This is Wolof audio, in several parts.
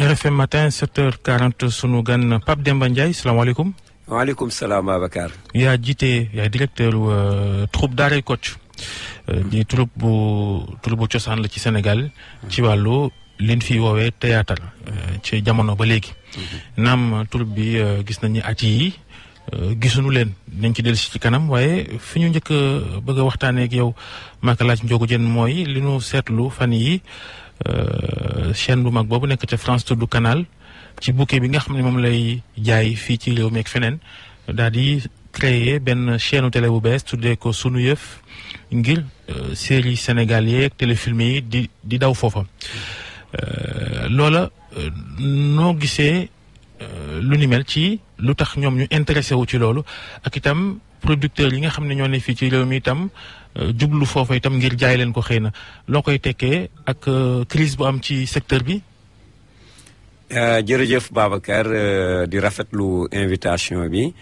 RFM matin 7 h sunu gan Pape Demba Ndiaye salaamaaleykum. waaleykum salaam Abacar. yaa jiite yaay directeur euh, troupe Daaray Kocc. Euh, di troupe bu troupe bu cosaan la ci Sénégal. ci wàllu liñ fi woowee théâtre euh, ci jamono ba léegi. Mhm. naam troupe bi gis nañu at yi Euh, gisunu leen dañ ci dellusi ci kanam waaye fi ñu njëkk bëgg a waxtaanee ak yow Maka laaj Ndiogou Diène mooy li ñu seetlu fan yi euh, chaîne bu mag boobu nekk ca France tudd Canal ci bouquet bi nga xam ne moom lay jaay fii ci réew mi ak feneen daal di créer benn chaîne télé bu bees tuddee ko sunu yëf ngir euh, série Sénégal yeeg téléfilm yi di di daw foofa loola noo gisee. Euh, lu ni ci lu tax ñoom ñu intéressé wu ci loolu ak itam producteurs yi nga xam ne ñoo ne fii ci réew mi itam euh, jublu foofa itam ngir jaay leen ko xëy na loo koy tekkee ak euh, crise bu am ci secteur bi. jërëjëf Babacar di rafetlu invitation bi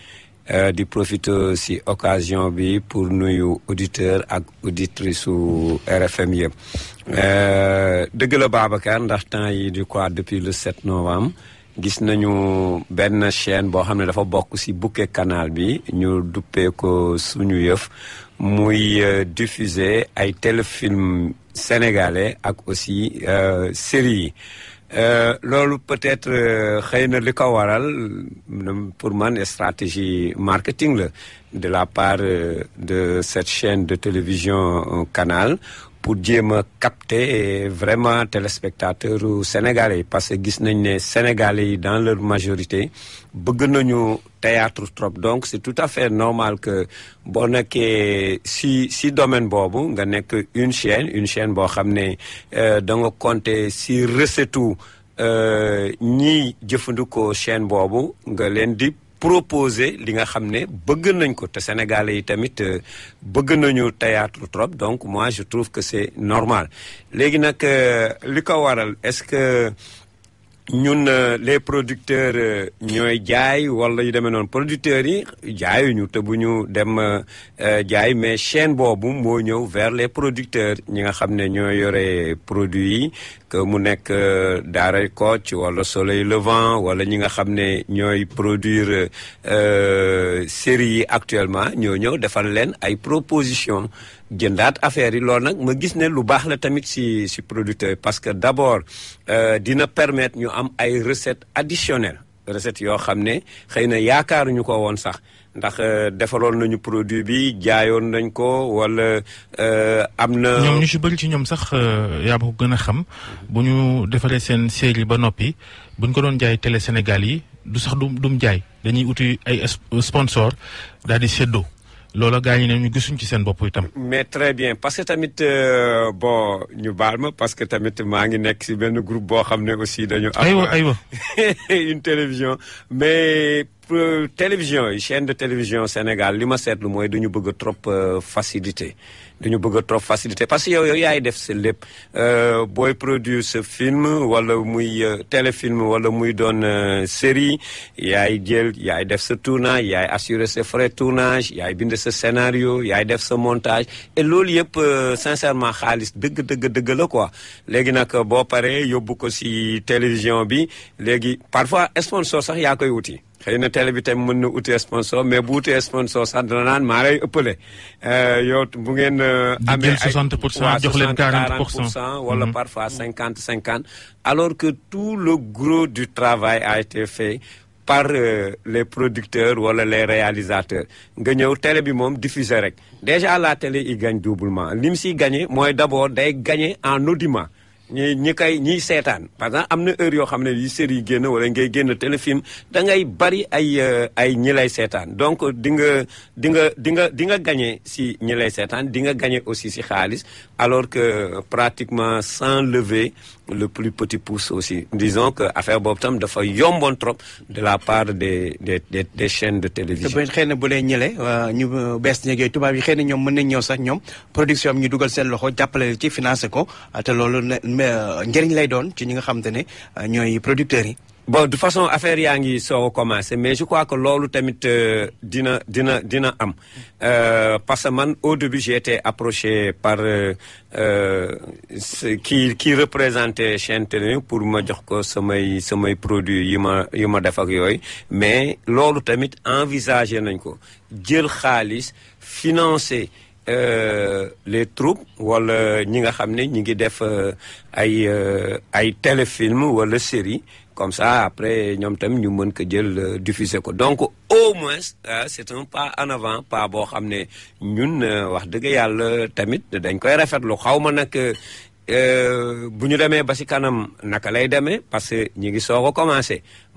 di profiter si occasion bi pour nuyu auditeur ak auditrice su RFM yëpp dëgg la Babacar ndax temps yi du quoi depuis le 7 novembre. gis nañu benn chaine boo xam ne dafa bokk ci bouquet kanaal bi ñu duppee ko suñu yëf muy euh, diffuser ay téléfilm sénégalais ak aussi euh, série yi euh, loolu peut-être xëy na li ko waral pour man stratégie marketing la de la part de cette chaîne de télévision canal pour jéem a capter vraiment téléspectateurs sénégalais yi parce que gis nañ ne sénégalais yi dans leur majorité bëgg nañu théâtre trop donc c'est tout à fait normal que boo nekkee si si domaine boobu nga nekk une chaîne une chaîne boo xam ne euh, da nga compter si recette euh, ñiy jëfandikoo chaîne boobu nga leen di proposer li nga xam ne bëgg nañ ko te sénégalais yi tamit euh, bëgg nañu théâtre trop donc moi je trouve que c'est normal léegi nag euh, li ko waral est-ce que ñun euh, les producteurs ñooy jaay wala yu demee noonu producteurs yi jaayuñu te bu ñu dem jaay mais chaîne boobu moo ñëw vers les producteurs ñi nga xam ne ñoo yore produits yi que mu nekk euh, daaray Kocc wala Soleil Levant wala ñi nga xam ne ñooy produire euh, séries yi actuellement ñoo ñëw defal leen ay proposition jëndaat affaire yi loolu nag ma gis ne lu baax la tamit si si producteur parce que d'abord euh, dina permettre ñu am ay recettes additionnelles recettes yoo xam ne xëy na yaakaaruñu ko woon sax ndax euh, defaloon nañu produit bi jaayoon nañ ko wala euh, am na. ñoom ñu si bëri ci ñoom sax euh, yaa ma ko gën a xam mhm. bu ñu defaree seen série ba noppi bu ñu ko doon jaay télé Sénégal yi du sax du dum jaay dañuy uti ay sponsor daal di séddoo. loola gaa ñi ne ñu gisuñ ci seen bopp itam. mais très bien parce que tamit euh, boo ñu baal ma parce que tamit maa ngi nekk si benn groupe boo xam ne aussi dañu. aywa aywa am une télévision mais. Euh, télévision yi chaîne de télévision Sénégal li ma seetlu mooy dañu bëgg trop euh, facilité dañu bëgg a trop facilité parce que yow yow yaay def sa lépp euh, booy produit sa film wala muy téléfilm wala muy doon série yaay jël yaay def sa tournage yaay assurer sa frais tournage yaay bind sa scénario yaay def sa montage et loolu yëpp sincèrement xaalis dëgg dëgg dëgg la quoi léegi nag boo pare yóbbu ko si télévision bi léegi parfois sponsor sax yaa koy wuti xëy na télé bi tam mën na uti sponsor mais bu uti sponsor sax dana naan maa lay ëppale euh, yow bu ngeen. Euh, amee ay pour cent jox leen 40 pour cent wala mhm. parfois cinquante 50. alors que tout le gros du travail a été fait. par euh, les producteurs wala les réalisateurs nga ñëw télé bi moom diffuser rek déjà la télé il gagne doublement lim siy gagné mooy d'abord day gagné en audimat ñi ñi koy ñiy seetaan par exemple am na heure yoo xam ne yi série yi génn wala ngay génn téléfilm da ngay bari ay euh, ay ñi lay seetaan donc di nga di nga di nga di nga gagné si ñi lay seetaan di nga gagné aussi si xaalis alors que pratiquement sans lever le plus petit pouce aussi disons que affaire boobu tam dafa yomboon trop de la part de des des, des chaînes de télévision. xëy na bu dee ñële euh, ñu euh, bees ñeeg tubaab yi xëy na ñoom mën nañ ñëw sax ñoom production am ñu dugal seen loxo jàppale ci financé ko te loolu euh, njëriñ lay doon ci ñi nga xam te ne ñooy producteurs yi. bon de façon affaire yaa ngi soog a mais je crois que loolu tamit euh, dina dina dina am euh, parce que man au début j'ai approché par kii euh, kii représenté chaîne télé pour ma jox ko samay samay produits yi ma yi ma def ak yooyu mais loolu tamit envisagé nañ ko jël xaalis financé les troupes wala ñi nga xam ne ñi ngi def ay ay téléfilm wala série comme ça après ñoom tam ñu mën ko jël euh, diffuser ko donc au moins euh, c'est un pas en avant pas boo xam ne ñun euh, wax dëgg yàlla tamit dañ koy rafetlu xaw ma nag Euh, bu ñu demee ba si kanam naka lay demee parce que ñu ngi soog a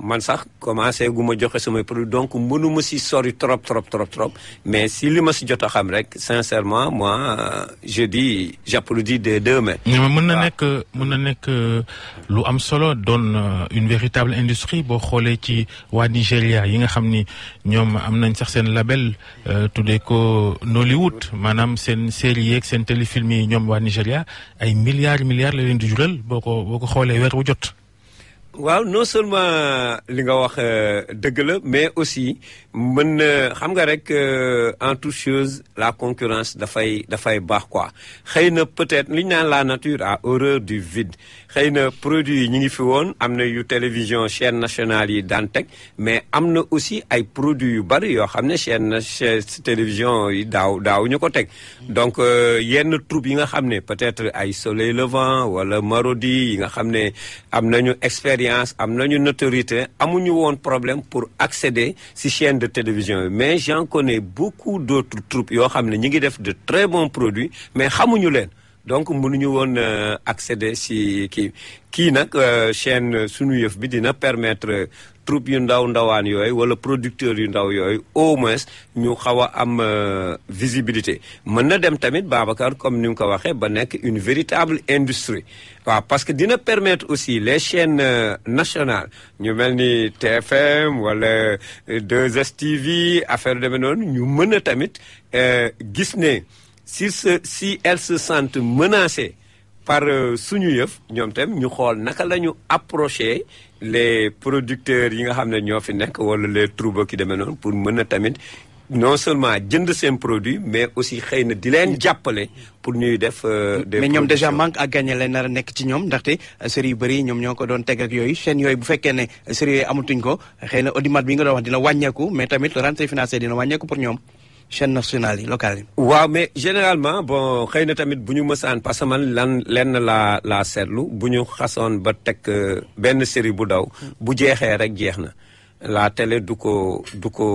man sax commencé gu ma joxe samay produit donc mënu ma si sori trop trop trop trop mais si li ma si jot a xam rek sincèrement moi je dis j'applaudis des deux mains. mën na nekk mën na nekk euh, lu am solo doon euh, une véritable industrie boo xoolee ci waa Nigéria yi nga xam ni ñoom am nañ sax seen label tuddee ko Nollywood maanaam seen série yeeg seen téléfilm yi ñoom waa Nigéria ay milliers milliards milliards la leen di jural boo ko boo ko xoolee weer wu jot waaw non seulement euh, li nga wax euh, dëgg la mais aussi mën na xam nga rek euh, en toute chose la concurrence dafay dafay baax quoi xëy na peut-être li ñu naan la nature a horreur du vide xëy na produit yi ñu ngi fi woon am na yu télévision chaîne nationale yi daan teg mais am na aussi ay produits yu bari yoo xam ne chaîne télévision yi daaw daaw ñu ko teg donc yenn troupe yi nga xam ne peut-être ay soleil levant wala marodi yi nga xam ne am nañu expert expérience am nañu notorité notoriété ñu woon problème pour accéder si chaîne de télévision yi mais j'en connais beaucoup d'autres troupes yoo xam ne ñi ngi def de très bons produits mais xamuñu leen donc mënuñu woon euh, accéder si kii kii nag euh, chaîne euh, sunu yëf bi dina permettre troupe yu ndaw ndawaan yooyu wala producteurs yu ndaw yooyu au moins ñu xaw a am euh, visibilité mën na dem tamit Babacar comme ni mu ko waxee ba nekk une véritable industrie waaw parce que dina permettre aussi les chaînes euh, national ñu mel ni TFM wala 2STV euh, affaire demee noonu ñu mën a tamit gis ne si si elles se sentent menacées par suñu yëf ñoom tem ñu xool naka la ñu approché les producteurs yi nga xam ne ñoo fi nekk wala les trouba ki demee noonu pour mën a tamit non seulement jënd seen produit mais aussi xëy na di leen jàppale pour ñuy def. Euh, des mais ñoom déjà manque à gagner la nar a nekk ci ñoom ndaxte euh, série yu bëri ñoom ñoo ko doon teg ak yooyu chaîne yooyu bu fekkee ne euh, série yooyu amatuñ ko xëy na audimat bi nga doon wax dina wàññeeku mais tamit rentrée financière dina wàññeeku pour ñoom. chaine nationales yi locales waaw mais généralement bon xëy na tamit bu ñu mësaan parce que man lan lenn laa laa seetlu bu ñu xasoon ba teg euh, benn série bu daw. bu jeexee rek jeex na laa télé du ko du ko.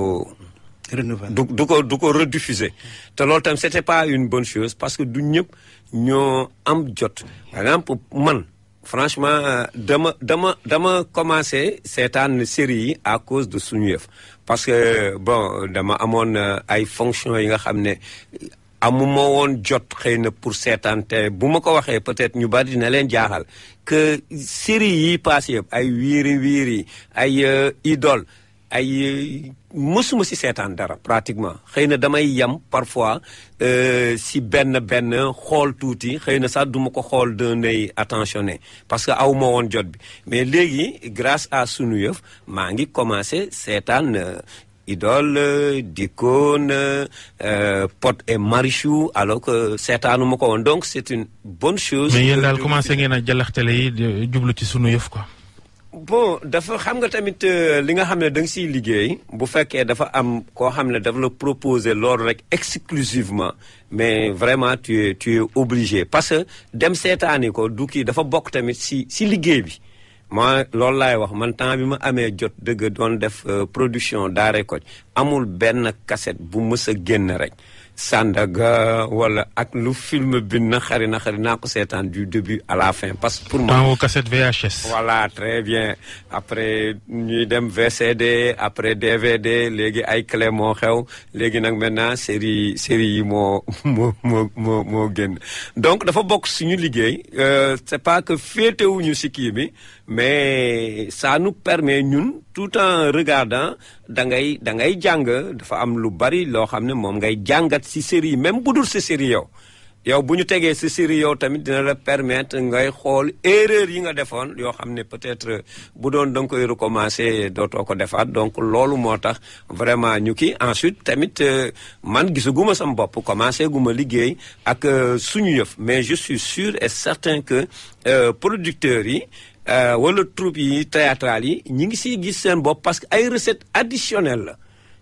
renouveler du du ko du ko rediffuser. te loolu tam c'était pas une bonne chose parce que du ñëpp ñoo am jot. par exemple man. franchement dama dama dama commencé seetaan série yi à cause de suñu yëf parce que bon dama amoon euh, ay fonctions yi nga xam ne amuma woon jot xëy na pour seetaan te bu ma ko waxee peut-être ñu bari dina leen jaaxal que série yi passé yëpp ay wiiri wiiri ay euh, idole ay mësuma si seetaan dara pratiquement xëy na damay yem parfois si euh, benn benn xool tuuti xëy na sax duma ko xool d'un œil attentionné parce que aw ma woon jot bi mais léegi grâce à sunu yëf maa ngi commencé seetaan euh, idole euh, dikoon Pod et Marichou alors que seetaanu ma ko woon donc c'est une bonne chose. mais yéen daal commencé ngeen a jalaxtale yi jublu ci sunu yëf ko bon dafa xam nga tamit euh, li nga xam ne da nga siy liggéey bu fekkee dafa am koo xam ne dafa la proposer loolu rek exclusivement mais vraiment tu es tu es obligé parce que dem seetaani ko du kii dafa bokk tamit si si liggéey bi ma loolu laay wax man temps bi ma amee jot dëgg doon def euh, production daa ko amul benn cassette bu mës a génn rek Sandaga wala ak lu film bi na xari na xari naa ko seetaan du début à la fin parce que pour moi dans cassette VHS wala très bien après ñuy dem VCD après DVD léegi ay clé moo xew léegi nag maintenant série série yi moo moo moo moo moo génn donc dafa bokk suñu liggéey euh, c'est pas que féetewuñu si kii bi mais ça nu permet ñun tout en regardant da ngay da ngay jàng dafa am lu bari loo xam ne moom ngay jàngat ci série même bu dul ci série yow yow bu ñu tegee si série yow tamit dina la permettre ngay xool erreur yi nga defoon yoo xam ne peut-être bu doon danga nga koy recommencer dootoo ko defaat donc loolu moo tax vraiment ñu kii ensuite tamit euh, man gisaguma sam bopp commencé guma liggéey ak euh, suñu yëf mais je suis sûr et certain que euh, producteurs yi Euh, wala troupe yi théâtrale yi ñi ngi si gis seen bopp parce que ay recettes additionnelles la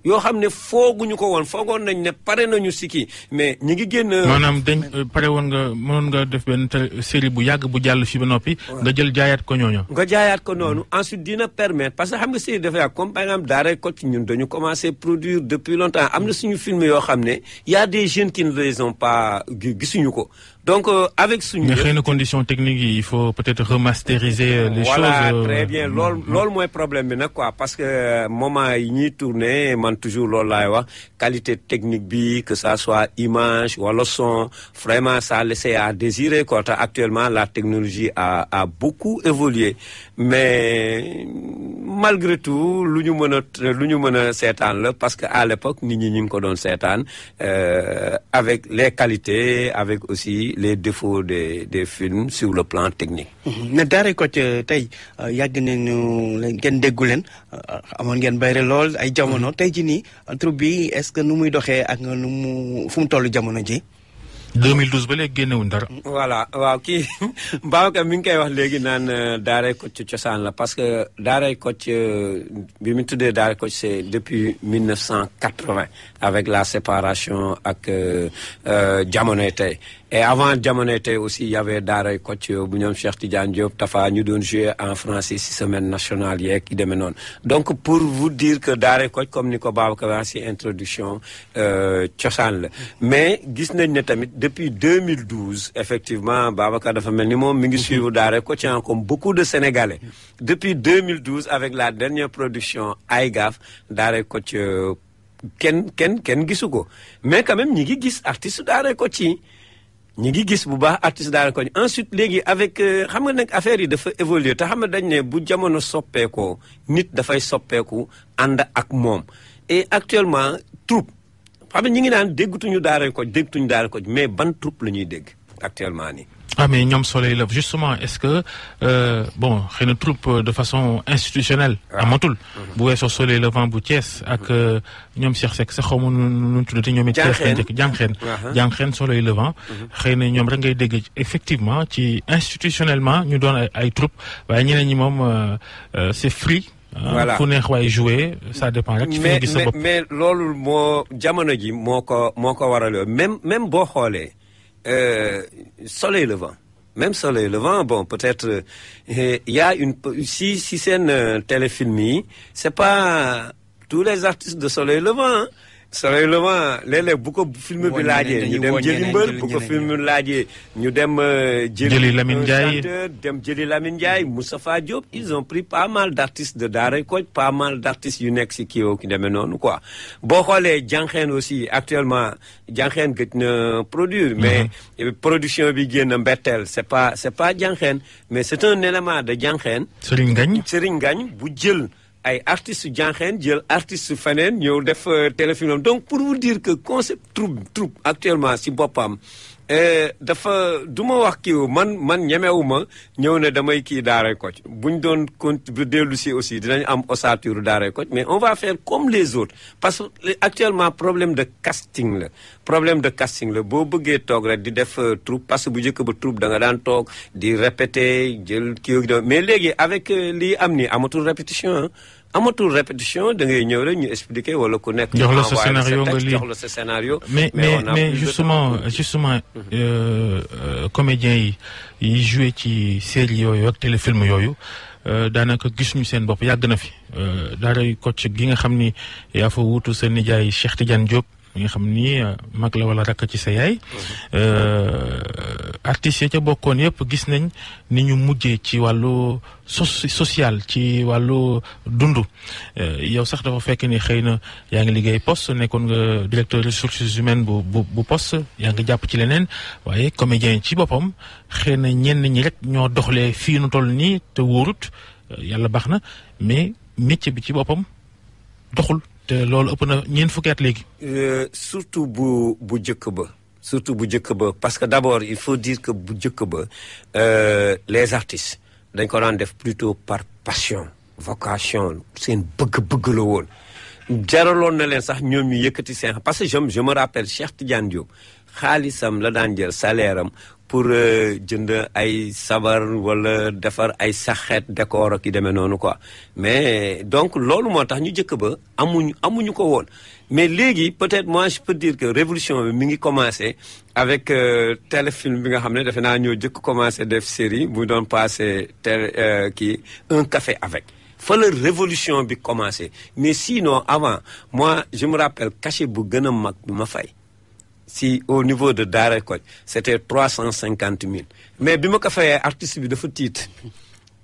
yoo xam ne fooguñu ko woon foogoon nañ ne pare nañu si kii mais ñi ngi génn. maanaam dañ pare woon nga mënoon nga def benn série bu yàgg bu jàll fi ba noppi. nga jël jaayaat ko ñooñu. nga jaayaat ko noonu mm. ensuite dina permetre parce que xam nga série dafa yàgg comme par exemple Daaray Kocc ñun dañu commencé produire depuis longtemps am na suñu film yoo xam ne yaa a des jeunes qui ne pas gisuñu ko. donc euh, avec suñu. mais xëy na conditions techniques yi il faut peut-être remasteriser. Euh, les choses voilà euh, très bien loolu hmm. loolu mooy problème bi nag quoi parce que moment yi ñuy tourner man toujours loolu laay wax qualité technique bi que ça soit image wala son vraiment ça laisse à désirer quoi actuellement la technologie a a beaucoup évolué. mais malgré tout lu ñu mën a lu ñu mën a seetaan la parce que à l'époque nit ñi ñu ngi ko doon seetaan euh, avec les qualités avec aussi les défauts de des films sur le plan technique. Mhm. ne Daaray Kocc tey euh, yàgg nañu ngeen déggu leen euh, amoon ngeen bayre lool ay jamono mhm. tey ji nii troupe bi est-ce que nu muy doxee ak nu mu fu mu toll jamono ji. 2012 ba léegi génnewuñ dara. voilà waaw kii Babacar mi ngi koy wax léegi naan euh, daaray Kocc cosaan la parce que daaray Kocc euh, bi mu tuddee daaray Kocc c'est depuis quatre 1980 avec la séparation ak euh, jamonoy tey. e avant jamono tey aussi y avait daaray Kocc bu ñoom Cheikh Tidiane Diop Tafa ñu doon jouer en français si semaine nationale yeeg yi demee noonu donc pour vous dire que daaray Kocc comme ni ko Babacar wax si euh, cosaan la mais gis nañ ne tamit depuis 2012 effectivement Babacar dafa mel ni moom mi ngi suivre daaray Kocc comme beaucoup de Sénégalais depuis 2012 avec la dernière production Aygaf daaray Kocc euh, kenn kenn kenn gisu ko mais quand même ñi ngi gis artiste daaray Kocc yi ñu ngi gis bu baax artiste ko koñ ensuite léegi avec euh, xam nga nag affaire yi dafa évoluer te xam nga dañ ne bu jamono soppeekoo nit dafay soppeeku ànd ak moom et actuellement troupe xam nga ñu ngi naan déggutuñu daara koñ déggutuñu daara koñ mais ban troupe la ñuy dégg actuellement nii. ah mais ñoom Soleil Levant justement est-ce que euh, bon xëy na troupe euh, de façon institutionnelle. Ah. amatul mhm. bu weesoo Soleil Levant bu cees ak mhm. euh, ñoom seex Seck sax xaw ma nu nu mu tuddati ñoom it. Thiès lañ dëkk Jànxeen mhm. Jànxeen Soleil Levant. Ah. xëy na ñoom rek ngay dégg effectivement ci institutionnellement ñu doon ay ay troupe waaye ñeneen ñi moom euh, c'est free. Ah, voilà ku neex waaye jouer sa dépend rek ci fi gis sa bopp mais loolu moo jamono ji moo ko moo ko waraloo même même boo xoolee. euh, soleil levant même soleil levant bon peut-être il euh, y a une si si seen euh, téléfilm yi c'est pas tous les artistes de soleil levant sérieusement léeg-léeg bu ko film bi laajee ñu dem euh, jëli mbër bu ko film bi laajee ñu dem jëli Lamine euh, Ndiaye dem jëli Lamine Ndiaye Moustapha Diop ils ont pris pas mal d' de daar Kocc pas mal d' artistes yu nekk si kii ki demee noonu quoi boo xoolee jànqeen aussi actuellement jànqeen gëj na produire mhm. mais euh, production bi génn mbetteel c' est pas c' est pas jànqeen mais c' est un élément de jànqeen Serigne Ngagne Serigne Ngagne bu jël ay artistes yu jànqeen jël artistes yu feneen ñëw def euh, téléfilm donc pour vous dire que concept troupe troupe actuellement si boppam euh, dafa du ma wax kii man man ñemewuma ñëw ne damay kii daaray Kocc buñ doon bu dellu si aussi dinañ am ossature daaray Kocc mais on va faire comme les autres parce que actuellement problème de casting la problème de casting la boo bëggee toog rek di def euh, troupe parce que bu njëkk ba troupe danga daan toog di répéter jël kii mais léegi avec lii am nii amatul répétition amatul répétition da ngay ñëw rek ñu expliquer wala ku nekk. jox la sa scénario nga lii la sa scénario. mais mais mais justement euh, justement mhm. euh, comédiens yi yi joué ci série yooyu ak téléfilm yooyu euh, daanaka gisuñu seen bopp yàgg na fi. daaray Kocc gi nga xam ni yaa fa wuutu sa nijaay Cheikh Tidiane Diop. mi nga xam ni eh, mag la wala rakk ci sa yaay mm-hmm. eh, artistes ya ca bokkoon yëpp gis nañ ni ñu mujjee ci wàllu sos social ci wàllu dund eh, yow sax dafa fekk ni xëy na yaa ngi liggéey poste nekkoon nga directeur ressources humaines bu bu bu poste yaa ngi jàpp ci leneen waaye comédien ci boppam xëy na ñenn ñi rek ñoo doxlee fii nu toll nii te wóorut yàlla baax na mais métier bi ci boppam doxul te loolu ëpp na ñeent fukki at léegi. Euh, surtout bu bu njëkk ba. surtout bu njëkk ba parce que d' abord il faut dire que bu njëkk ba euh, les artistes dañ ko daan def plutôt par passion vocation seen bëgg-bëgg la woon. jaraloon na leen sax ñoom ñu yëkkati seen parce que je je me rappelle Cheikh Tidiane Diop xaalisam la daan jël salaire pour euh, jënd ay sabar wala defar ay saxeet décor ak yi demee noonu quoi mais donc loolu moo tax ñu jëkk ba amuñu amuñu ko woon mais léegi peut-être moi je peux dire que révolution bi mi ngi commencé avec euh, téléfilm bi nga xam ne defe naa ñoo jëkk commencé def série bu doon passé télé euh, kii un café avec fa révolution bi commencé mais sinon avant mois je me rappelle cachet bu gën a mag ma fay si au niveau de Daara Koj c' était trois cent cinquante mille mais bi ma ko fayee artiste bi dafa tiit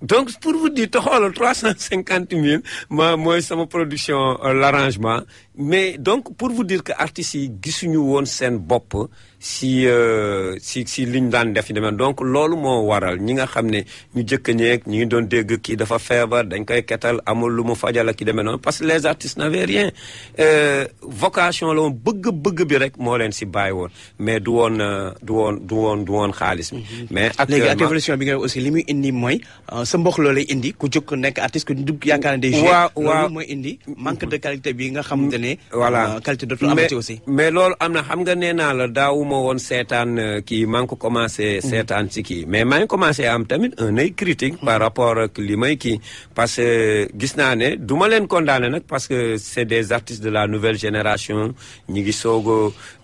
donc pour vous di te xoolal trois cent cinquante mille ma mooy sama production euh, l'arrangement mais donc pour vous dire que artistes yi gisuñu woon seen bopp si euh, si si liñ daan def yi demee donc loolu moo waral ñi nga xam ne ñu jëkk ñeeg ñu ngi doon dégg kii dafa feebar dañ koy ketal amul lu mu fajal ak ki demee noonu parce que les artistes n'avaient rien euh, vocation la woon bëgg-bëgg bi rek moo leen si bàyyi woon mais du woon euh, du woon du woon du woon xaalis bi mhm. mais léegi ak évolution bi nga aussi li muy indi mooy sa mbokk loolay indi ku jóg nekk artiste ku dugg yaakaar ne des waaw waaw mooy indi manque de qualité bi nga xam ne. voilà euh, qualité dootul amati aussi. mais loolu am na xam nga nee naa la daawuma woon seetaan euh, kii maa ngi ko commencé. Mhm. seetaan si kii mais maa ngi commencé am tamit un œil critique mhm. par rapport ak li may kii parce que gis naa ne duma ma leen condamné nag parce que c'est des artistes de la nouvelle génération ñi ngi soog a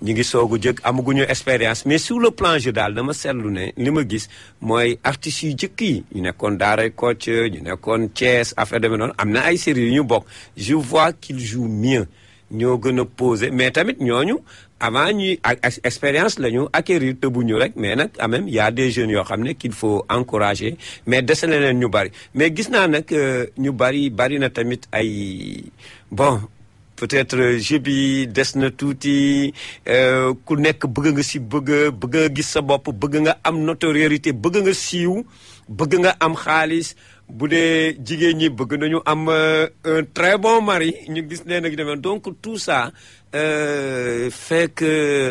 ñi ngi soog a jëkk amaguñu expérience mais sur le plan je daal dama seetlu ne li ma gis mooy artistes yu jëkk yi ñu nekkoon Daaray Kocc ñu nekkoon Thiès affaire de noonu am na ay séries yu ñu bokk je vois qu'il joue mieux ñoo gën a posé mais tamit ñooñu avant ñuy ak expérience la ñu acquérir tëbuñu rek mais nag quand même y a des jeunes yoo xam ne kil faut encourager mais dese na leen ñu bari mais gis naa nag euh, ñu bari bari na tamit ay bon peut-être euh, jeu bi des na tuuti euh, ku nekk bëgg nga si bëgg bëgg nga gis sa bopp bëgg nga am notoriété bëgg nga siiw bëgg nga am xaalis bu dee jigéen ñi bëgg nañu am euh, un très bon mari ñu gis leen ak demee donc tout ça Euh, fekk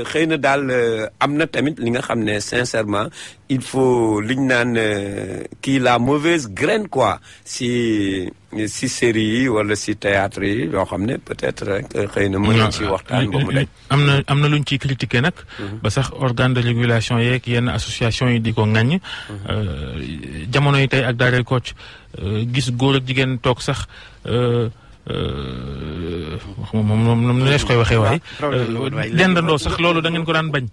xëy na daal euh, am na tamit li nga xam ne sincèrement il faut liñ naan euh, kii la mauvaise graine quoi si si série yi wala si théâtre yi yoo xam ne peut-être rek xëy na mën nañ si waxtaan ba mu daj am na am na luñ ciy critiquer nag mhm. ba sax organe de régulation yeeg yenn association yi di ko ŋaññ mhm. jamono yi tey ak Daareel Kocc gis góor ak jigéen toog sax Euh, moom moom nees koy waxee waaye. Ah, euh, dendandoo sax loolu da ngeen ko daan bañ.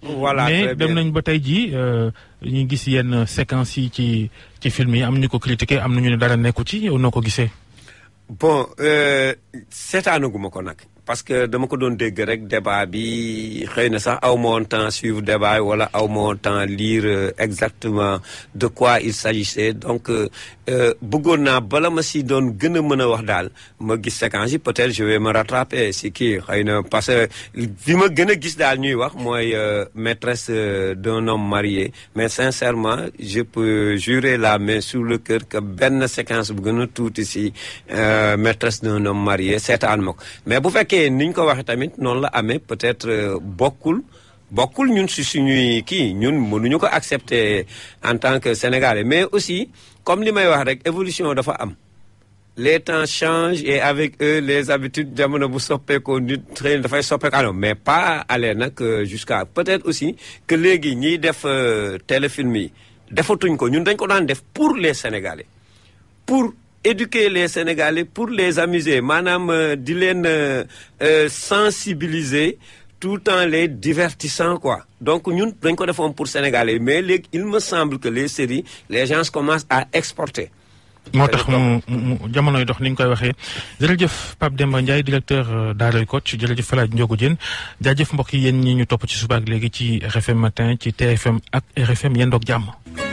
mais dem nañ ba tey jii euh, ñu gis yenn séquences yi ci ci film yi am ñu ko critiqué am nañu ne dara nekku ci yow noo ko gisee. bon ko nag. parce que dama ko doon dégg rek débat bi xëy na sax aw ma woon temps suivre débat wala aw ma temps lire euh, exactement de quoi il s'agissait donc euh, euh, bëggoon naa bala ma si doon gën a mën a wax daal ma gis séquence yi peut-être je vais me si kii xëy na parce que li ma gën a gis daal ñuy wax mooy maîtresse d'un homme marié mais sincèrement je peux jurer la main sur le cœur que benn séquence bu gën a tuuti si maîtresse d'un homme marié seetaan ma mais bu fekkee fekkee niñ ko waxee tamit noonu la amee peut-être euh, bokkul bokkul ñun si suñuy kii ñun mënuñu ko accepter en tant que sénégalais mais aussi comme li may wax rek évolution dafa am les temps change et avec eux les habitudes jamono bu soppeekoo nit xëy dafay soppeeku alors mais pas aller nag euh, jusqu'à peut-être aussi que léegi ñiy def euh, téléfilm yi defatuñ ko ñun dañ ko daan def pour les sénégalais pour éduquer les Sénégalais pour les amuser maanaam euh, di leen euh, euh, sensibiliser tout en les divertissant quoi donc ñun dañ ko defoon pour Sénégalais mais léegi il me semble que les séries les gens commencent à exporter. moo tax mu jamonoy dox ni ñu koy waxee jërëjëf Pape Demba Ndiaye directeur Daaray Kocc jërëjëf Falaaj Ndiogu Dieng jaajëf mbokk yi yéen ñi ñu topp ci suba ak léegi ci RFM matin ci TFM ak RFM yéen doog jàmm.